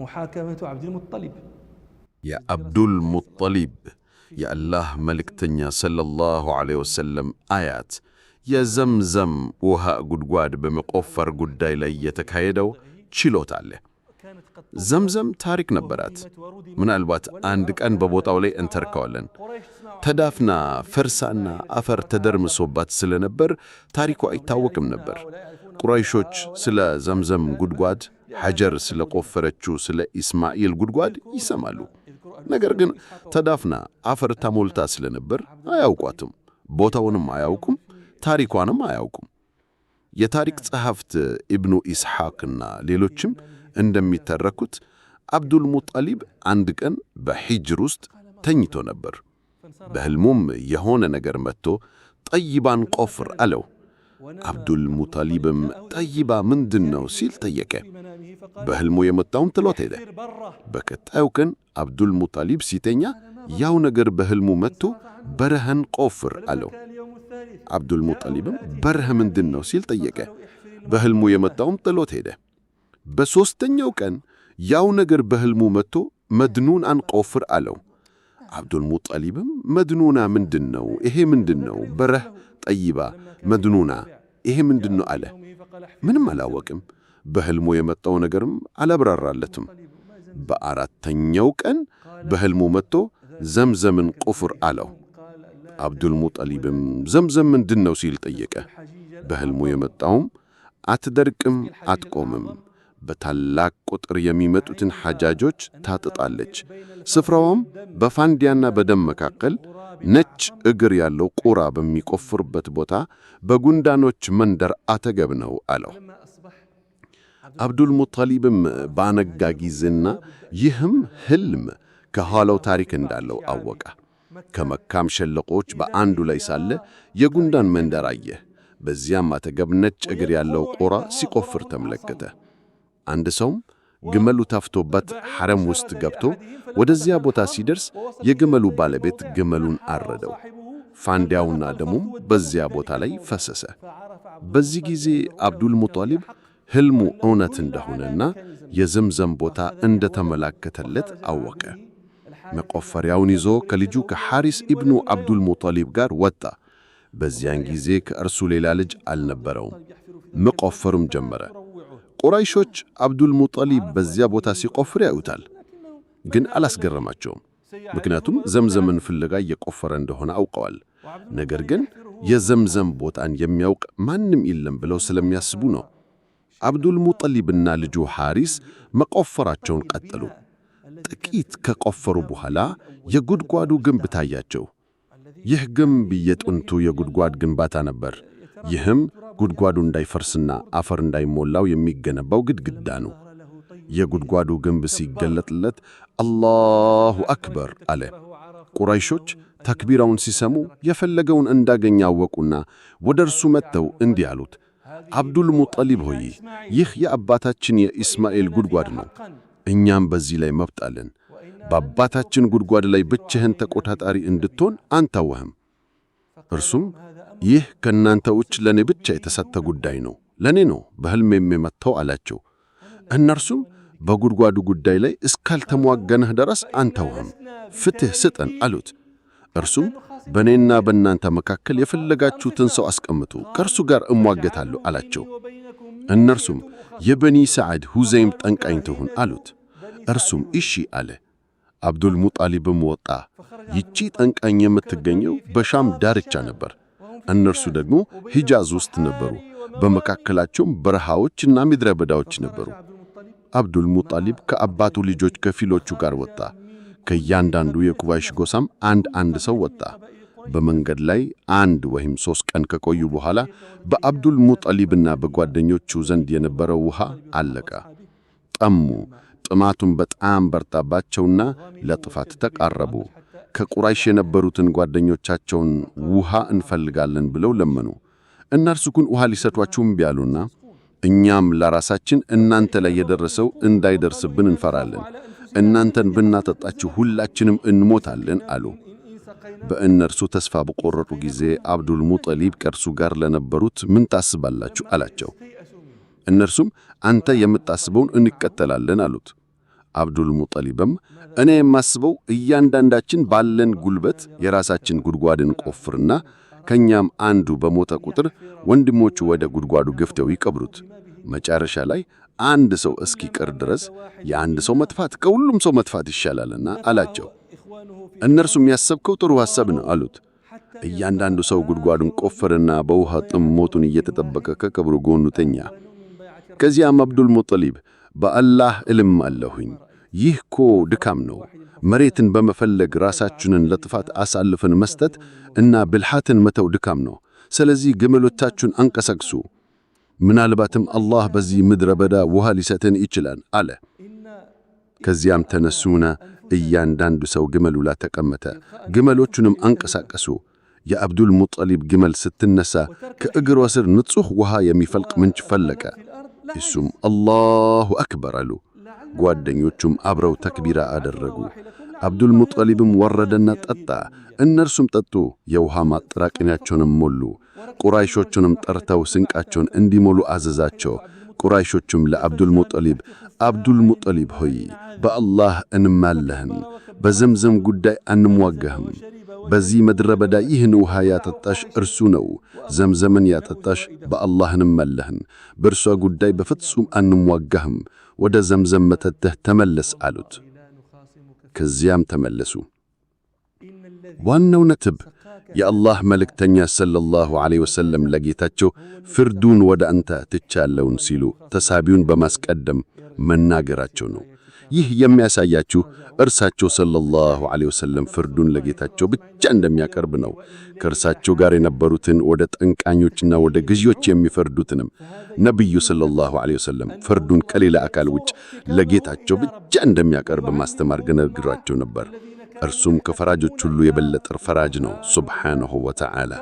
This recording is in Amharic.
ሙሓከመቱ ዓብድልሙጠሊብ የአብዱል ሙጠሊብ የአላህ መልእክተኛ ሰለላሁ ዐለይሂ ወሰለም አያት የዘምዘም ውሃ ጉድጓድ በመቆፈር ጉዳይ ላይ የተካሄደው ችሎት አለ። ዘምዘም ታሪክ ነበራት። ምናልባት አንድ ቀን በቦታው ላይ እንተርከዋለን። ተዳፍና ፈርሳና አፈር ተደርምሶባት ስለነበር ታሪኩ አይታወቅም ነበር። ቁረይሾች ስለ ዘምዘም ጉድጓድ፣ ሐጀር ስለ ቆፈረችው ስለ ኢስማኤል ጉድጓድ ይሰማሉ። ነገር ግን ተዳፍና አፈር ተሞልታ ስለነበር አያውቋትም። ቦታውንም አያውቁም፣ ታሪኳንም አያውቁም። የታሪክ ጸሐፍት ኢብኑ ኢስሐቅና ሌሎችም እንደሚተረኩት አብዱል ሙጣሊብ አንድ ቀን በሂጅር ውስጥ ተኝቶ ነበር። በሕልሙም የሆነ ነገር መጥቶ ጠይባን ቆፍር አለው። አብዱል አብዱልሙጠሊብም ጠይባ ምንድን ነው ሲል ጠየቀ። በሕልሙ የመጣውን ጥሎት ሄደ። በቀጣዩ ቀን አብዱል አብዱልሙጠሊብ ሲተኛ ያው ነገር በሕልሙ መጥቶ በረሃን ቆፍር አለው። አብዱልሙጠሊብም በረሃ ምንድን ነው ሲል ጠየቀ። በሕልሙ የመጣውም ጥሎት ሄደ። በሦስተኛው ቀን ያው ነገር በሕልሙ መጥቶ መድኑን አንቆፍር አለው። አብዱልሙጠሊብም መድኑና ምንድን ነው? ይሄ ምንድን ነው? በረህ ጠይባ መድኑና ይሄ ምንድን ነው አለ። ምንም አላወቅም። በሕልሙ የመጣው ነገርም አላብራራለትም። በአራተኛው ቀን በሕልሙ መጥቶ ዘምዘምን ቁፍር አለው። አብዱልሙጠሊብም ዘምዘም ምንድን ነው ሲል ጠየቀ። በሕልሙ የመጣውም አትደርቅም፣ አትቆምም በታላቅ ቁጥር የሚመጡትን ሐጃጆች ታጥጣለች። ስፍራውም በፋንዲያና በደም መካከል ነጭ እግር ያለው ቁራ በሚቆፍርበት ቦታ በጉንዳኖች መንደር አተገብ ነው አለው። አብዱል ሙጠሊብም ባነጋ ጊዜና ይህም ህልም ከኋላው ታሪክ እንዳለው አወቀ። ከመካም ሸለቆዎች በአንዱ ላይ ሳለ የጉንዳን መንደር አየ። በዚያም አተገብ ነጭ እግር ያለው ቁራ ሲቆፍር ተመለከተ። አንድ ሰውም ግመሉ ታፍቶበት ሐረም ውስጥ ገብቶ ወደዚያ ቦታ ሲደርስ የግመሉ ባለቤት ግመሉን አረደው። ፋንዲያውና ደሙም በዚያ ቦታ ላይ ፈሰሰ። በዚህ ጊዜ አብዱል ሙጣሊብ ሕልሙ እውነት እንደሆነና የዘምዘም ቦታ እንደተመላከተለት አወቀ። መቆፈሪያውን ይዞ ከልጁ ከሐሪስ ኢብኑ አብዱል ሙጣሊብ ጋር ወጣ። በዚያን ጊዜ ከእርሱ ሌላ ልጅ አልነበረውም። መቆፈሩም ጀመረ። ቁራይሾች አብዱል ሙጠሊብ በዚያ ቦታ ሲቆፍር ያዩታል። ግን አላስገረማቸውም፣ ምክንያቱም ዘምዘምን ፍለጋ እየቆፈረ እንደሆነ አውቀዋል። ነገር ግን የዘምዘም ቦታን የሚያውቅ ማንም የለም ብለው ስለሚያስቡ ነው። አብዱል ሙጠሊብና ልጁ ሐሪስ መቆፈራቸውን ቀጠሉ። ጥቂት ከቆፈሩ በኋላ የጉድጓዱ ግንብ ታያቸው። ይህ ግንብ የጥንቱ የጉድጓድ ግንባታ ነበር። ይህም ጉድጓዱ እንዳይፈርስና አፈር እንዳይሞላው የሚገነባው ግድግዳ ነው። የጉድጓዱ ግንብ ሲገለጥለት አላሁ አክበር አለ። ቁረይሾች ተክቢራውን ሲሰሙ የፈለገውን እንዳገኘ አወቁና ወደ እርሱ መጥተው እንዲህ አሉት፣ አብዱል ሙጠሊብ ሆይ ይህ የአባታችን የኢስማኤል ጉድጓድ ነው። እኛም በዚህ ላይ መብት አለን። በአባታችን ጉድጓድ ላይ ብቻህን ተቆጣጣሪ እንድትሆን አንታወህም። እርሱም ይህ ከእናንተ ውጭ ለእኔ ብቻ የተሰጠ ጉዳይ ነው፣ ለእኔ ነው በሕልሜም የመጥተው አላቸው። እነርሱም በጉድጓዱ ጉዳይ ላይ እስካልተሟገነህ ድረስ አንተውህም፣ ፍትሕ ስጠን አሉት። እርሱም በእኔና በእናንተ መካከል የፈለጋችሁትን ሰው አስቀምጡ፣ ከእርሱ ጋር እሟገታለሁ አላቸው። እነርሱም የበኒ ሰዓድ ሁዘይም ጠንቃኝ ትሁን አሉት። እርሱም እሺ አለ። አብዱል ሙጣሊብም ወጣ። ይቺ ጠንቃኝ የምትገኘው በሻም ዳርቻ ነበር። እነርሱ ደግሞ ሂጃዝ ውስጥ ነበሩ። በመካከላቸውም በረሃዎችና ምድረ በዳዎች ነበሩ። አብዱል ሙጣሊብ ከአባቱ ልጆች ከፊሎቹ ጋር ወጣ። ከእያንዳንዱ የኩባይሽ ጎሳም አንድ አንድ ሰው ወጣ። በመንገድ ላይ አንድ ወይም ሦስት ቀን ከቆዩ በኋላ በአብዱል ሙጣሊብና በጓደኞቹ ዘንድ የነበረው ውሃ አለቀ። ጠሙ። ጥማቱን በጣም በርታባቸውና ለጥፋት ተቃረቡ። ከቁራይሽ የነበሩትን ጓደኞቻቸውን ውሃ እንፈልጋለን ብለው ለመኑ። እነርሱ ግን ውሃ ሊሰጧችሁ እምቢ አሉና እኛም ለራሳችን እናንተ ላይ የደረሰው እንዳይደርስብን እንፈራለን፣ እናንተን ብናጠጣችሁ ሁላችንም እንሞታለን አሉ። በእነርሱ ተስፋ በቆረጡ ጊዜ አብዱል ሙጠሊብ ከእርሱ ጋር ለነበሩት ምን ታስባላችሁ አላቸው። እነርሱም አንተ የምታስበውን እንቀጠላለን አሉት። አብዱል ሙጠሊብም እኔ የማስበው እያንዳንዳችን ባለን ጉልበት የራሳችን ጉድጓድን ቆፍርና ከኛም አንዱ በሞተ ቁጥር ወንድሞቹ ወደ ጉድጓዱ ገፍተው ይቀብሩት። መጨረሻ ላይ አንድ ሰው እስኪቀር ድረስ የአንድ ሰው መጥፋት ከሁሉም ሰው መጥፋት ይሻላልና አላቸው። እነርሱም ያሰብከው ጥሩ ሐሳብ ነው አሉት። እያንዳንዱ ሰው ጉድጓዱን ቆፈርና በውሃ ጥም ሞቱን እየተጠበቀ ከቀብሩ ጎኑ ተኛ። ከዚያም አብዱል ሙጠሊብ በአላህ እልም አለሁኝ፣ ይህ እኮ ድካም ነው። መሬትን በመፈለግ ራሳችንን ለጥፋት አሳልፈን መስጠት እና ብልሃትን መተው ድካም ነው። ስለዚህ ግመሎቻችሁን አንቀሳቅሱ፣ ምናልባትም አላህ በዚህ ምድረ በዳ ውሃ ሊሰጠን ይችላል አለ። ከዚያም ተነሱና እያንዳንዱ ሰው ግመሉ ላይ ተቀመጠ። ግመሎቹንም አንቀሳቀሱ። የአብዱል ሙጠሊብ ግመል ስትነሳ ከእግሯ ስር ንጹሕ ውሃ የሚፈልቅ ምንጭ ፈለቀ። እሱም አላሁ አክበር አሉ። ጓደኞቹም አብረው ተክቢራ አደረጉ። ሙጠሊብም ወረደና ጠጣ፣ እነርሱም ጠጡ። የውሃ ማጠራቀሚያቸውንም ሞሉ። ቁራይሾቹንም ጠርተው ስንቃቸውን እንዲሞሉ አዘዛቸው። ቁራይሾቹም ለአብዱልሙጠሊብ አብዱልሙጠሊብ ሆይ በአላህ እንማለህን፣ በዘምዘም ጉዳይ አንምዋገህም በዚህ ምድረ በዳ ይህን ውሃ ያጠጣሽ እርሱ ነው፣ ዘምዘምን ያጠጣሽ በአላህንም መለህን። በእርሷ ጉዳይ በፍጹም አንሟጋህም፣ ወደ ዘምዘም መተተህ ተመለስ አሉት። ከዚያም ተመለሱ። ዋናው ነጥብ የአላህ መልእክተኛ ሰለላሁ ዐለይሂ ወሰለም ለጌታቸው ፍርዱን ወደ አንተ ትቻለውን ሲሉ ተሳቢውን በማስቀደም መናገራቸው ነው። ይህ የሚያሳያችሁ እርሳቸው ሰለላሁ ዐለይሂ ወሰለም ፍርዱን ለጌታቸው ብቻ እንደሚያቀርብ ነው። ከእርሳቸው ጋር የነበሩትን ወደ ጠንቃኞችና ወደ ግዢዎች የሚፈርዱትንም ነቢዩ ሰለላሁ ዐለይሂ ወሰለም ፍርዱን ከሌላ አካል ውጭ ለጌታቸው ብቻ እንደሚያቀርብ ማስተማር ገነግሯቸው ነበር። እርሱም ከፈራጆች ሁሉ የበለጠ ፈራጅ ነው ሱብሓነሁ ወተዓላ።